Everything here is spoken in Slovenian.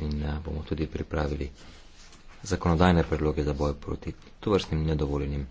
in eh, bomo tudi pripravili zakonodajne predloge za boj proti tovrstnim nedovoljenim